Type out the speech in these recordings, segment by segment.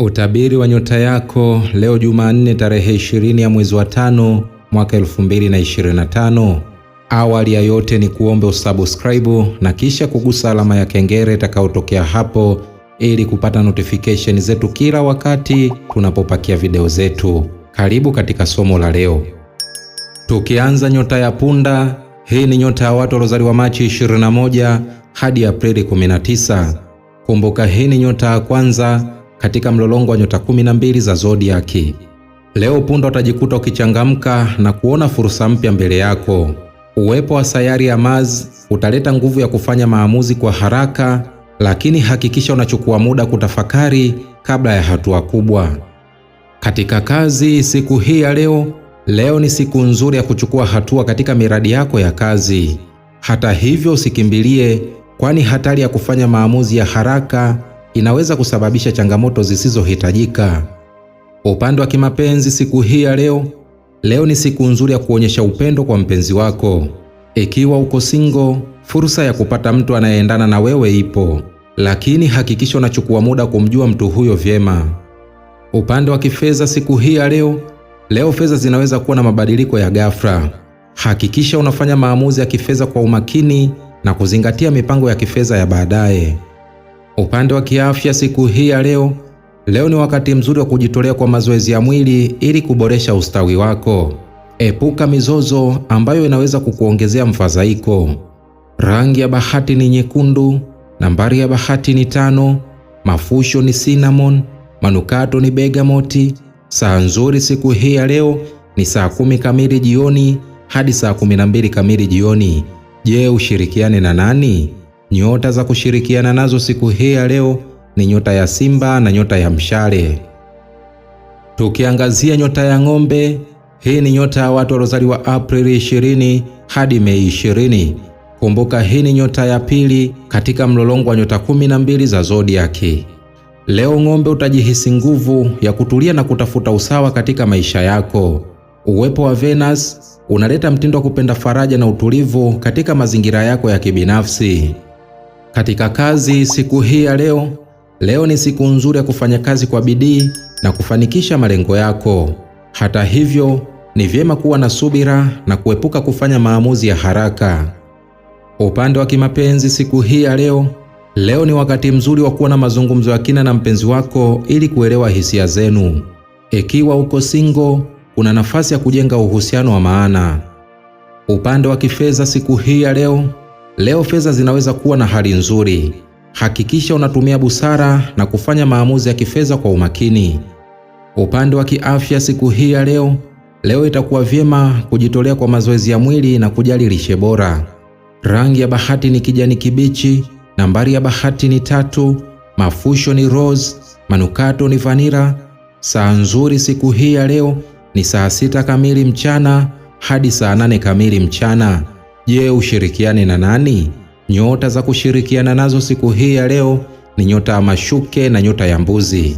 Utabiri wa nyota yako leo Jumanne tarehe 20 ya mwezi wa tano mwaka 2025. Awali ya yote ni kuombe usubscribe na kisha kugusa alama ya kengele itakayotokea hapo ili kupata notification zetu kila wakati tunapopakia video zetu. Karibu katika somo la leo. Tukianza nyota ya punda, hii ni nyota ya watu waliozaliwa Machi 21 hadi Aprili 19. Kumbuka hii ni nyota ya kwanza katika mlolongo wa nyota kumi na mbili za zodiaki. Leo punda utajikuta ukichangamka na kuona fursa mpya mbele yako. Uwepo wa sayari ya Mars utaleta nguvu ya kufanya maamuzi kwa haraka, lakini hakikisha unachukua muda kutafakari kabla ya hatua kubwa. Katika kazi siku hii ya leo, leo ni siku nzuri ya kuchukua hatua katika miradi yako ya kazi. Hata hivyo, usikimbilie, kwani hatari ya kufanya maamuzi ya haraka inaweza kusababisha changamoto zisizohitajika. Upande wa kimapenzi siku hii ya leo, leo ni siku nzuri ya kuonyesha upendo kwa mpenzi wako. Ikiwa uko single, fursa ya kupata mtu anayeendana na wewe ipo, lakini hakikisha unachukua muda kumjua mtu huyo vyema. Upande wa kifedha siku hii ya leo, leo fedha zinaweza kuwa na mabadiliko ya ghafla. Hakikisha unafanya maamuzi ya kifedha kwa umakini na kuzingatia mipango ya kifedha ya baadaye. Upande wa kiafya siku hii ya leo, leo ni wakati mzuri wa kujitolea kwa mazoezi ya mwili ili kuboresha ustawi wako. Epuka mizozo ambayo inaweza kukuongezea mfadhaiko. Rangi ya bahati ni nyekundu, nambari ya bahati ni tano, mafusho ni cinnamon, manukato ni begamoti. Saa nzuri siku hii ya leo ni saa kumi kamili jioni hadi saa kumi na mbili kamili jioni. Je, ushirikiane na nani? Nyota za kushirikiana nazo siku hii ya leo ni nyota ya Simba na nyota ya Mshale. Tukiangazia nyota ya Ng'ombe, hii ni nyota ya watu waliozaliwa Aprili 20 hadi Mei 20. Kumbuka, hii ni nyota ya pili katika mlolongo wa nyota 12 za zodiaki. Leo Ng'ombe, utajihisi nguvu ya kutulia na kutafuta usawa katika maisha yako. Uwepo wa Venus unaleta mtindo wa kupenda faraja na utulivu katika mazingira yako ya kibinafsi. Katika kazi siku hii ya leo, leo ni siku nzuri ya kufanya kazi kwa bidii na kufanikisha malengo yako. Hata hivyo, ni vyema kuwa na subira na kuepuka kufanya maamuzi ya haraka. Upande wa kimapenzi siku hii ya leo, leo ni wakati mzuri wa kuwa na mazungumzo ya kina na mpenzi wako ili kuelewa hisia zenu. Ikiwa uko single, kuna nafasi ya kujenga uhusiano wa maana. Upande wa kifedha siku hii ya leo Leo fedha zinaweza kuwa na hali nzuri. Hakikisha unatumia busara na kufanya maamuzi ya kifedha kwa umakini. Upande wa kiafya siku hii ya leo, leo itakuwa vyema kujitolea kwa mazoezi ya mwili na kujali lishe bora. Rangi ya bahati ni kijani kibichi. Nambari ya bahati ni tatu. Mafusho ni rose. Manukato ni vanira. Saa nzuri siku hii ya leo ni saa sita kamili mchana hadi saa nane kamili mchana. Je, ushirikiane na nani? Nyota za kushirikiana nazo siku hii ya leo ni nyota ya mashuke na nyota ya mbuzi.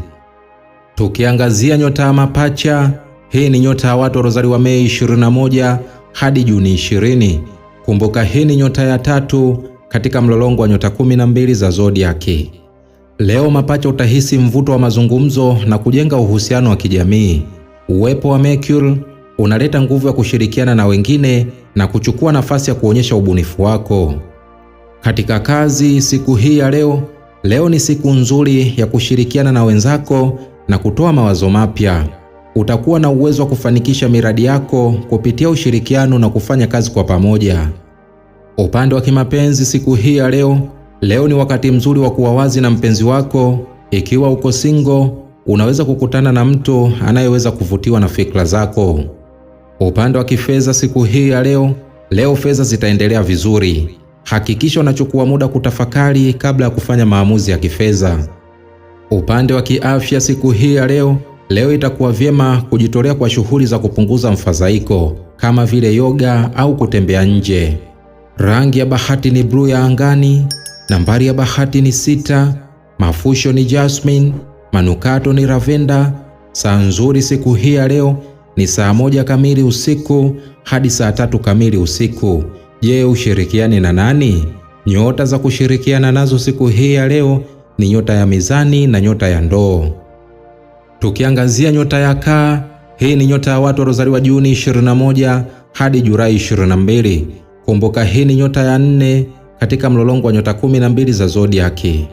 Tukiangazia nyota ya mapacha, hii ni nyota ya watu waliozaliwa Mei 21 hadi Juni 20. Kumbuka, hii ni nyota ya tatu katika mlolongo wa nyota 12 za zodiaki. Leo mapacha, utahisi mvuto wa mazungumzo na kujenga uhusiano wa kijamii. Uwepo wa Mercury unaleta nguvu ya kushirikiana na wengine na kuchukua nafasi ya kuonyesha ubunifu wako katika kazi siku hii ya leo. Leo ni siku nzuri ya kushirikiana na wenzako na kutoa mawazo mapya. Utakuwa na uwezo wa kufanikisha miradi yako kupitia ushirikiano na kufanya kazi kwa pamoja. Upande wa kimapenzi siku hii ya leo, leo ni wakati mzuri wa kuwa wazi na mpenzi wako. Ikiwa uko single, unaweza kukutana na mtu anayeweza kuvutiwa na fikra zako. Upande wa kifedha siku hii ya leo, leo fedha zitaendelea vizuri. Hakikisha unachukua muda kutafakari kabla ya kufanya maamuzi ya kifedha. Upande wa kiafya siku hii ya leo, leo itakuwa vyema kujitolea kwa shughuli za kupunguza mfadhaiko kama vile yoga au kutembea nje. Rangi ya bahati ni bluu ya angani. Nambari ya bahati ni sita. Mafusho ni jasmine. Manukato ni ravenda. Saa nzuri siku hii ya leo ni saa moja kamili usiku hadi saa tatu kamili usiku. Je, ushirikiani na nani? Nyota za kushirikiana nazo siku hii ya leo ni nyota ya mizani na nyota ya ndoo. Tukiangazia nyota ya kaa, hii ni nyota ya watu waliozaliwa Juni 21 hadi Julai 22. Kumbuka hii ni nyota ya nne katika mlolongo wa nyota 12 za zodiaki.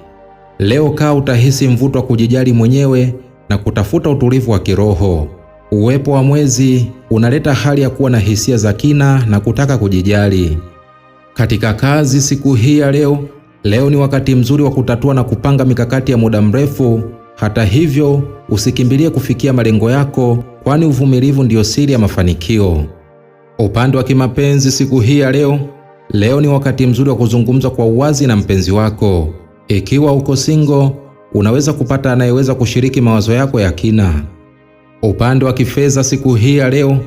Leo kaa utahisi mvuto wa kujijali mwenyewe na kutafuta utulivu wa kiroho. Uwepo wa mwezi unaleta hali ya kuwa na hisia za kina na kutaka kujijali. Katika kazi siku hii ya leo, leo ni wakati mzuri wa kutatua na kupanga mikakati ya muda mrefu. Hata hivyo, usikimbilie kufikia malengo yako, kwani uvumilivu ndiyo siri ya mafanikio. Upande wa kimapenzi siku hii ya leo, leo ni wakati mzuri wa kuzungumza kwa uwazi na mpenzi wako. Ikiwa uko single, unaweza kupata anayeweza kushiriki mawazo yako ya kina. Upande wa kifedha siku hii ya leo,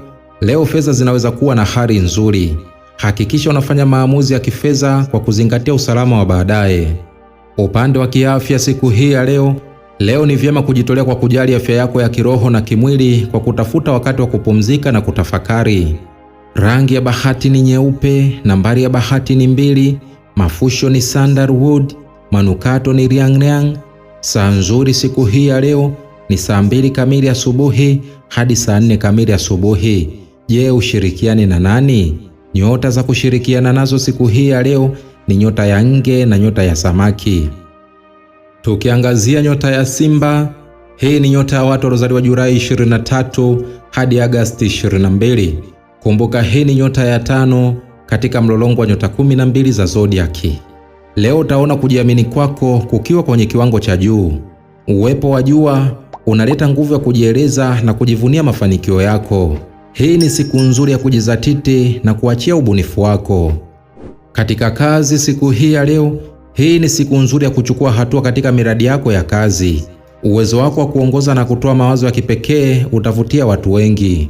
leo fedha zinaweza kuwa na hali nzuri. Hakikisha unafanya maamuzi ya kifedha kwa kuzingatia usalama wa baadaye. Upande wa kiafya siku hii ya leo, leo ni vyema kujitolea kwa kujali afya yako ya kiroho na kimwili kwa kutafuta wakati wa kupumzika na kutafakari. Rangi ya bahati ni nyeupe, nambari ya bahati ni mbili, mafusho ni sandalwood, manukato ni riangriang Saa nzuri siku hii ya leo ni saa mbili kamili asubuhi hadi saa nne kamili asubuhi. Je, ushirikiani na nani? Nyota za kushirikiana nazo siku hii ya leo ni nyota ya nge na nyota ya samaki. Tukiangazia nyota ya Simba, hii ni nyota ya watu waliozaliwa Julai 23 hadi Agasti 22. Kumbuka, hii ni nyota ya tano katika mlolongo wa nyota 12 za zodiaki. Leo utaona kujiamini kwako kukiwa kwenye kiwango cha juu. Uwepo wa jua unaleta nguvu ya kujieleza na kujivunia mafanikio yako. Hii ni siku nzuri ya kujizatiti na kuachia ubunifu wako katika kazi siku hii ya leo. Hii ni siku nzuri ya kuchukua hatua katika miradi yako ya kazi. Uwezo wako wa kuongoza na kutoa mawazo ya kipekee utavutia watu wengi.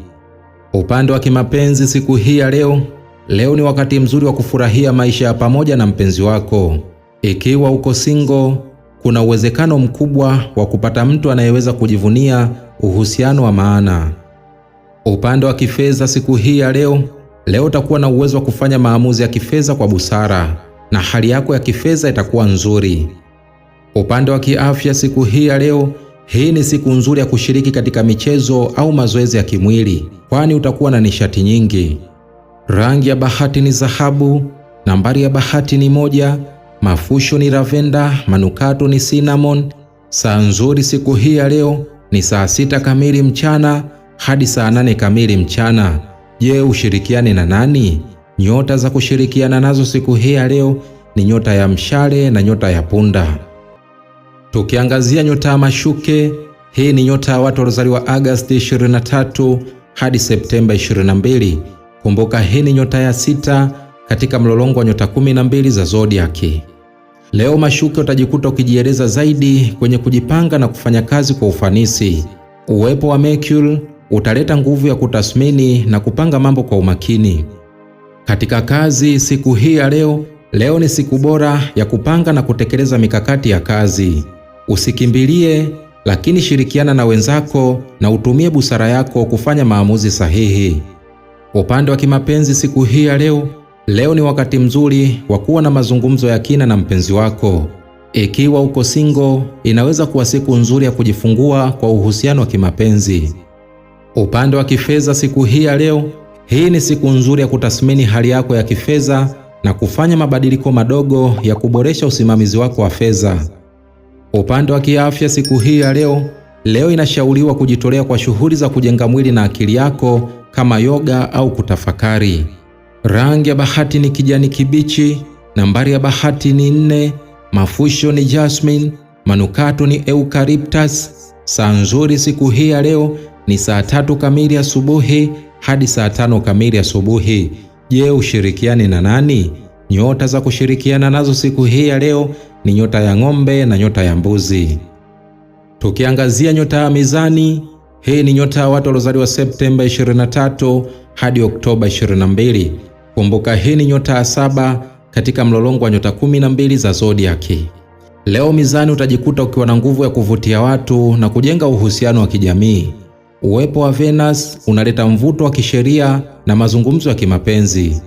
Upande wa kimapenzi siku hii ya leo, leo ni wakati mzuri wa kufurahia maisha ya pamoja na mpenzi wako. Ikiwa uko single, kuna uwezekano mkubwa wa kupata mtu anayeweza kujivunia uhusiano wa maana. Upande wa kifedha siku hii ya leo, leo utakuwa na uwezo wa kufanya maamuzi ya kifedha kwa busara na hali yako ya kifedha itakuwa nzuri. Upande wa kiafya siku hii ya leo, hii ni siku nzuri ya kushiriki katika michezo au mazoezi ya kimwili, kwani utakuwa na nishati nyingi. Rangi ya bahati ni dhahabu. Nambari ya bahati ni moja mafusho ni lavenda, manukato ni cinnamon. Saa nzuri siku hii ya leo ni saa sita kamili mchana hadi saa nane kamili mchana. Je, ushirikiane na nani? Nyota za kushirikiana nazo siku hii ya leo ni nyota ya mshale na nyota ya punda. Tukiangazia nyota ya mashuke, hii ni nyota ya watu waliozaliwa Agosti 23 hadi Septemba 22. Kumbuka, hii ni nyota ya sita katika mlolongo wa nyota kumi na mbili za zodiaki. Leo mashuke, utajikuta ukijieleza zaidi kwenye kujipanga na kufanya kazi kwa ufanisi. Uwepo wa Mercury utaleta nguvu ya kutathmini na kupanga mambo kwa umakini. Katika kazi siku hii ya leo, leo ni siku bora ya kupanga na kutekeleza mikakati ya kazi. Usikimbilie, lakini shirikiana na wenzako na utumie busara yako kufanya maamuzi sahihi. Upande wa kimapenzi siku hii ya leo, Leo ni wakati mzuri wa kuwa na mazungumzo ya kina na mpenzi wako. Ikiwa uko single, inaweza kuwa siku nzuri ya kujifungua kwa uhusiano wa kimapenzi. Upande wa kifedha siku hii ya leo, hii ni siku nzuri ya kutathmini hali yako ya kifedha na kufanya mabadiliko madogo ya kuboresha usimamizi wako wa fedha. Upande wa kiafya siku hii ya leo, leo inashauriwa kujitolea kwa shughuli za kujenga mwili na akili yako kama yoga au kutafakari. Rangi ya bahati ni kijani kibichi, nambari ya bahati ni nne, mafusho ni jasmine, manukato ni eucalyptus. Saa nzuri siku hii ya leo ni saa tatu kamili asubuhi hadi saa tano kamili asubuhi. Je, ushirikiani na nani? Nyota za kushirikiana nazo siku hii ya leo ni nyota ya ng'ombe na nyota ya mbuzi. Tukiangazia nyota ya Mizani, hii ni nyota ya watu waliozaliwa Septemba 23 hadi Oktoba Kumbuka hii ni nyota ya saba katika mlolongo wa nyota kumi na mbili za zodiaki. Leo mizani, utajikuta ukiwa na nguvu ya kuvutia watu na kujenga uhusiano wa kijamii. Uwepo wa Venus unaleta mvuto wa kisheria na mazungumzo ya kimapenzi.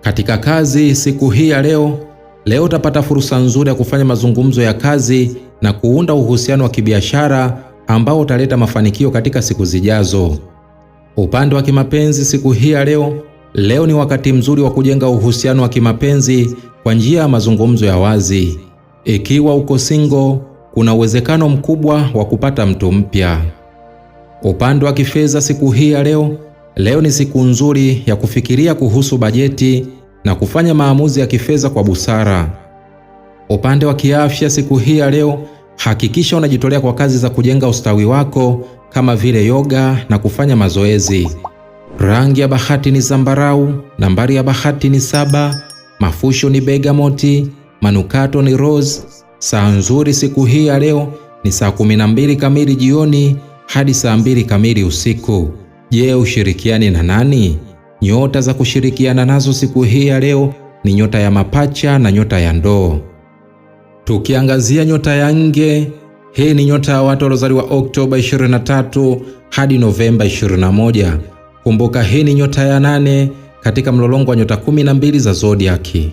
Katika kazi siku hii ya leo, leo utapata fursa nzuri ya kufanya mazungumzo ya kazi na kuunda uhusiano wa kibiashara ambao utaleta mafanikio katika siku zijazo. Upande wa kimapenzi siku hii ya leo, Leo ni wakati mzuri wa kujenga uhusiano wa kimapenzi kwa njia ya mazungumzo ya wazi. Ikiwa uko single, kuna uwezekano mkubwa wa kupata mtu mpya. Upande wa kifedha siku hii ya leo, leo ni siku nzuri ya kufikiria kuhusu bajeti na kufanya maamuzi ya kifedha kwa busara. Upande wa kiafya siku hii ya leo, hakikisha unajitolea kwa kazi za kujenga ustawi wako kama vile yoga na kufanya mazoezi. Rangi ya bahati ni zambarau, nambari ya bahati ni saba, mafusho ni begamoti, manukato ni rose. Saa nzuri siku hii ya leo ni saa 12 kamili jioni hadi saa 2 kamili usiku. Je, ushirikiani na nani? Nyota za kushirikiana nazo siku hii ya leo ni nyota ya mapacha na nyota ya ndoo. Tukiangazia nyota ya nge, hii ni nyota ya watu waliozaliwa Oktoba 23 hadi Novemba 21. Kumbuka hii ni nyota ya nane katika mlolongo wa nyota kumi na mbili za zodiaki.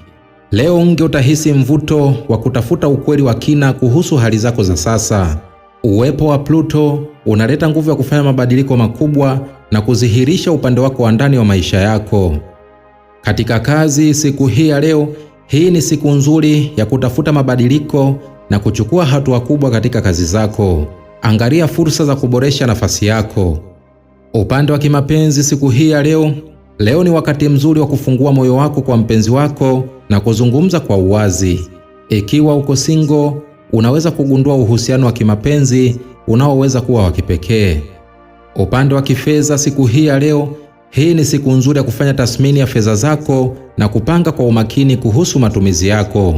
Leo nge utahisi mvuto wa kutafuta ukweli wa kina kuhusu hali zako za sasa. Uwepo wa Pluto unaleta nguvu ya kufanya mabadiliko makubwa na kuzihirisha upande wako wa ndani wa maisha yako. Katika kazi siku hii ya leo, hii ni siku nzuri ya kutafuta mabadiliko na kuchukua hatua kubwa katika kazi zako. Angalia fursa za kuboresha nafasi yako. Upande wa kimapenzi siku hii ya leo, leo ni wakati mzuri wa kufungua moyo wako kwa mpenzi wako na kuzungumza kwa uwazi. Ikiwa uko single, unaweza kugundua uhusiano wa kimapenzi unaoweza kuwa wa kipekee. Upande wa kifedha siku hii ya leo, hii ni siku nzuri ya kufanya tathmini ya fedha zako na kupanga kwa umakini kuhusu matumizi yako.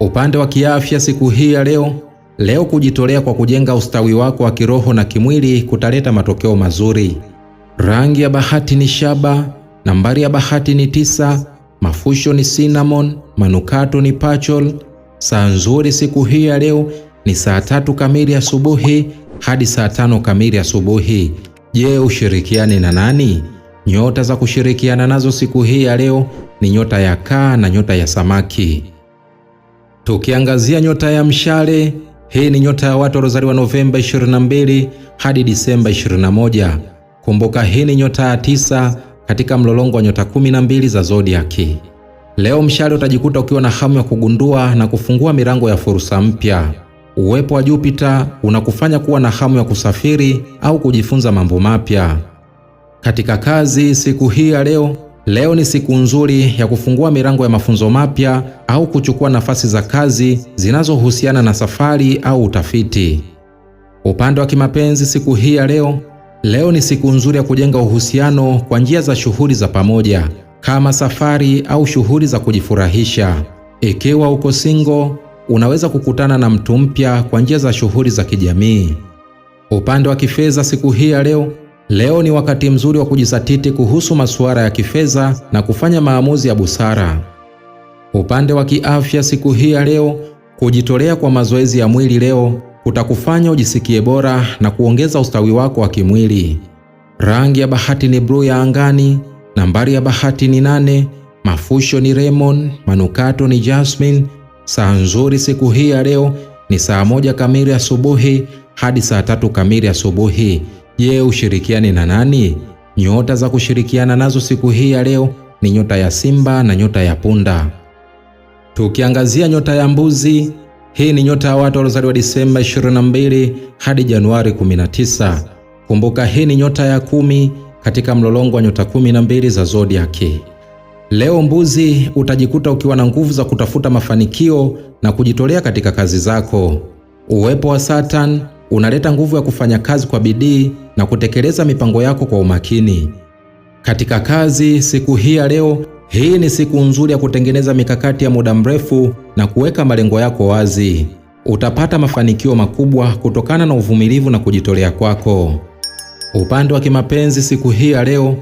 Upande wa kiafya siku hii ya leo Leo kujitolea kwa kujenga ustawi wako wa kiroho na kimwili kutaleta matokeo mazuri. Rangi ya bahati ni shaba, nambari ya bahati ni tisa, mafusho ni cinnamon, manukato ni pachol. Saa nzuri siku hii ya leo ni saa tatu kamili asubuhi hadi saa tano kamili asubuhi. Je, ushirikiane na nani? Nyota za kushirikiana nazo siku hii ya leo ni nyota ya kaa na nyota ya samaki. Tukiangazia nyota ya mshale hii ni nyota ya watu waliozaliwa Novemba 22 hadi Disemba 21. Kumbuka, hii ni nyota ya tisa katika mlolongo wa nyota 12 za zodiaki. Leo mshale utajikuta ukiwa na hamu ya kugundua na kufungua milango ya fursa mpya. Uwepo wa Jupita unakufanya kuwa na hamu ya kusafiri au kujifunza mambo mapya. Katika kazi siku hii ya leo Leo ni siku nzuri ya kufungua milango ya mafunzo mapya au kuchukua nafasi za kazi zinazohusiana na safari au utafiti. Upande wa kimapenzi siku hii ya leo, leo ni siku nzuri ya kujenga uhusiano kwa njia za shughuli za pamoja kama safari au shughuli za kujifurahisha. Ikiwa uko single, unaweza kukutana na mtu mpya kwa njia za shughuli za kijamii. Upande wa kifedha siku hii ya leo, Leo ni wakati mzuri wa kujizatiti kuhusu masuala ya kifedha na kufanya maamuzi ya busara. Upande wa kiafya siku hii ya leo, kujitolea kwa mazoezi ya mwili leo kutakufanya ujisikie bora na kuongeza ustawi wako wa kimwili. Rangi ya bahati ni bluu ya angani, nambari ya bahati ni nane, mafusho ni lemon, manukato ni jasmine. Saa nzuri siku hii ya leo ni saa moja kamili asubuhi hadi saa tatu kamili asubuhi. Je, ushirikiani na nani? Nyota za kushirikiana nazo siku hii ya leo ni nyota ya Simba na nyota ya Punda. Tukiangazia nyota ya Mbuzi, hii ni nyota ya watu waliozaliwa Disemba 22 hadi Januari 19. Kumbuka hii ni nyota ya kumi katika mlolongo wa nyota kumi na mbili za zodiaki. Leo Mbuzi, utajikuta ukiwa na nguvu za kutafuta mafanikio na kujitolea katika kazi zako. Uwepo wa Saturn unaleta nguvu ya kufanya kazi kwa bidii na kutekeleza mipango yako kwa umakini. Katika kazi siku hii ya leo, hii ni siku nzuri ya kutengeneza mikakati ya muda mrefu na kuweka malengo yako wazi. Utapata mafanikio makubwa kutokana na uvumilivu na kujitolea kwako. Upande wa kimapenzi siku hii ya leo,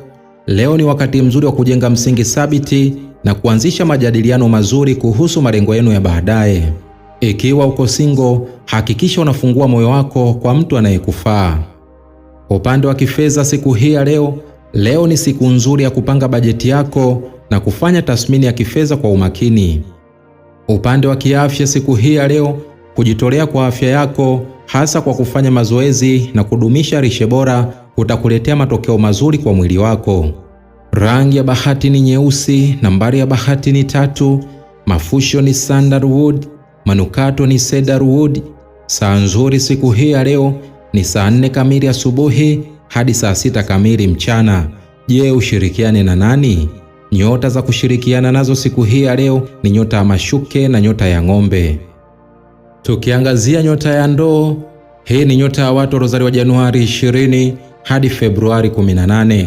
leo ni wakati mzuri wa kujenga msingi thabiti na kuanzisha majadiliano mazuri kuhusu malengo yenu ya baadaye. Ikiwa uko single, hakikisha unafungua moyo wako kwa mtu anayekufaa. Upande wa kifedha siku hii ya leo, leo ni siku nzuri ya kupanga bajeti yako na kufanya tathmini ya kifedha kwa umakini. Upande wa kiafya siku hii ya leo, kujitolea kwa afya yako hasa kwa kufanya mazoezi na kudumisha lishe bora kutakuletea matokeo mazuri kwa mwili wako. Rangi ya bahati ni nyeusi, nambari ya bahati ni tatu, mafusho ni sandalwood, Manukato ni Cedarwood. Saa nzuri siku hii ya leo ni saa nne kamili asubuhi hadi saa sita kamili mchana. Je, ushirikiane na nani? Nyota za kushirikiana nazo siku hii ya leo ni nyota ya mashuke na nyota ya ng'ombe. Tukiangazia nyota ya ndoo, hii ni nyota ya watu waliozaliwa Januari 20 hadi Februari 18.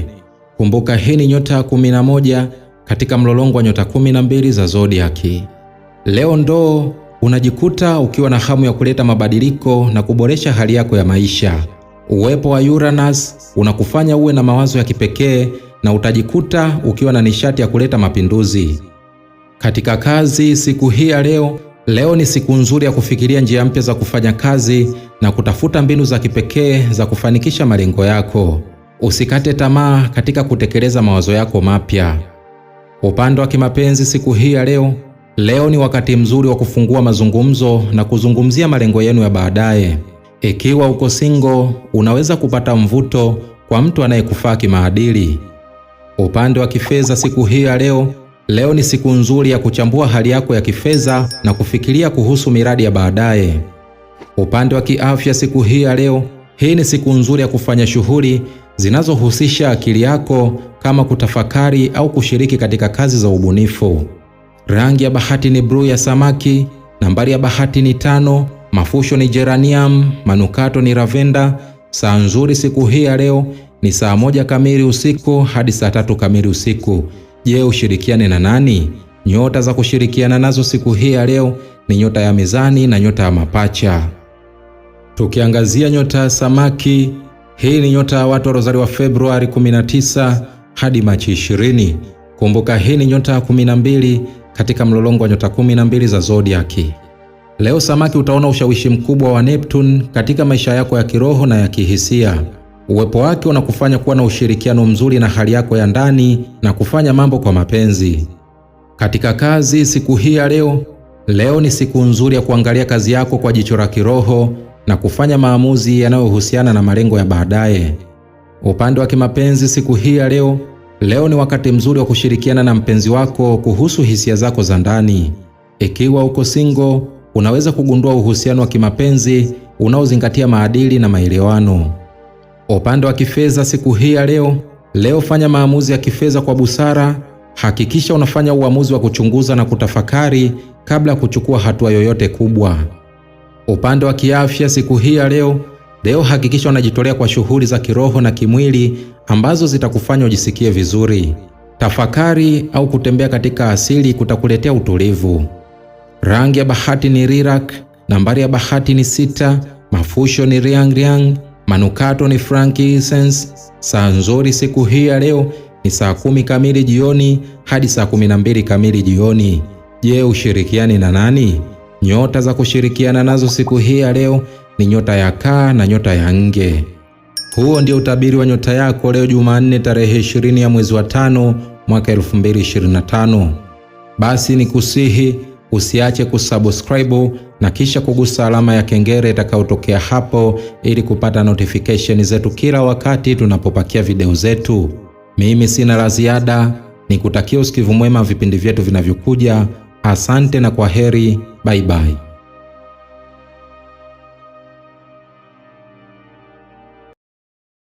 Kumbuka hii ni nyota ya 11 katika mlolongo wa nyota 12 za zodiaki. Leo ndoo unajikuta ukiwa na hamu ya kuleta mabadiliko na kuboresha hali yako ya maisha. Uwepo wa Uranus unakufanya uwe na mawazo ya kipekee na utajikuta ukiwa na nishati ya kuleta mapinduzi katika kazi. Siku hii ya leo, leo ni siku nzuri ya kufikiria njia mpya za kufanya kazi na kutafuta mbinu za kipekee za kufanikisha malengo yako. Usikate tamaa katika kutekeleza mawazo yako mapya. Upande wa kimapenzi, siku hii ya leo Leo ni wakati mzuri wa kufungua mazungumzo na kuzungumzia malengo yenu ya baadaye. Ikiwa uko single, unaweza kupata mvuto kwa mtu anayekufaa kimaadili. Upande wa kifedha siku hii ya leo, leo ni siku nzuri ya kuchambua hali yako ya kifedha na kufikiria kuhusu miradi ya baadaye. Upande wa kiafya siku hii ya leo, hii ni siku nzuri ya kufanya shughuli zinazohusisha akili yako kama kutafakari au kushiriki katika kazi za ubunifu. Rangi ya bahati ni bluu ya samaki. Nambari ya bahati ni tano. Mafusho ni geranium. Manukato ni lavenda. Saa nzuri siku hii ya leo ni saa moja kamili usiku hadi saa tatu kamili usiku. Je, ushirikiane na nani? Nyota za kushirikiana nazo siku hii ya leo ni nyota ya mizani na nyota ya mapacha. Tukiangazia nyota ya samaki, hii ni nyota ya watu waliozaliwa Februari 19 hadi Machi 20. Kumbuka hii ni nyota ya 12 katika mlolongo wa nyota kumi na mbili za zodiaki. Leo samaki, utaona ushawishi mkubwa wa Neptune katika maisha yako ya kiroho na ya kihisia. Uwepo wake unakufanya kuwa na ushirikiano mzuri na hali yako ya ndani na kufanya mambo kwa mapenzi. Katika kazi siku hii ya leo, leo ni siku nzuri ya kuangalia kazi yako kwa jicho la kiroho na kufanya maamuzi yanayohusiana na malengo ya baadaye. Upande wa kimapenzi siku hii ya leo, Leo ni wakati mzuri wa kushirikiana na mpenzi wako kuhusu hisia zako za ndani. Ikiwa uko single, unaweza kugundua uhusiano wa kimapenzi unaozingatia maadili na maelewano. Upande wa kifedha siku hii ya leo, leo fanya maamuzi ya kifedha kwa busara. Hakikisha unafanya uamuzi wa kuchunguza na kutafakari kabla ya kuchukua hatua yoyote kubwa. Upande wa kiafya siku hii ya leo, leo hakikisha unajitolea kwa shughuli za kiroho na kimwili ambazo zitakufanya ujisikie vizuri. Tafakari au kutembea katika asili kutakuletea utulivu. Rangi ya bahati ni lilac, nambari ya bahati ni sita, mafusho ni riang riang, manukato ni frankincense. Saa nzuri siku hii ya leo ni saa kumi kamili jioni hadi saa kumi na mbili kamili jioni. Je, ushirikiani na nani? Nyota za kushirikiana nazo siku hii ya leo ni nyota ya kaa na nyota ya nge. Huo ndio utabiri wa nyota yako leo Jumanne tarehe 20 ya mwezi wa tano mwaka 2025. Basi ni kusihi usiache kusubscribe na kisha kugusa alama ya kengele itakayotokea hapo ili kupata notification zetu kila wakati tunapopakia video zetu. Mimi sina la ziada, nikutakia usikivu mwema vipindi vyetu vinavyokuja. Asante na kwa heri, bye bye.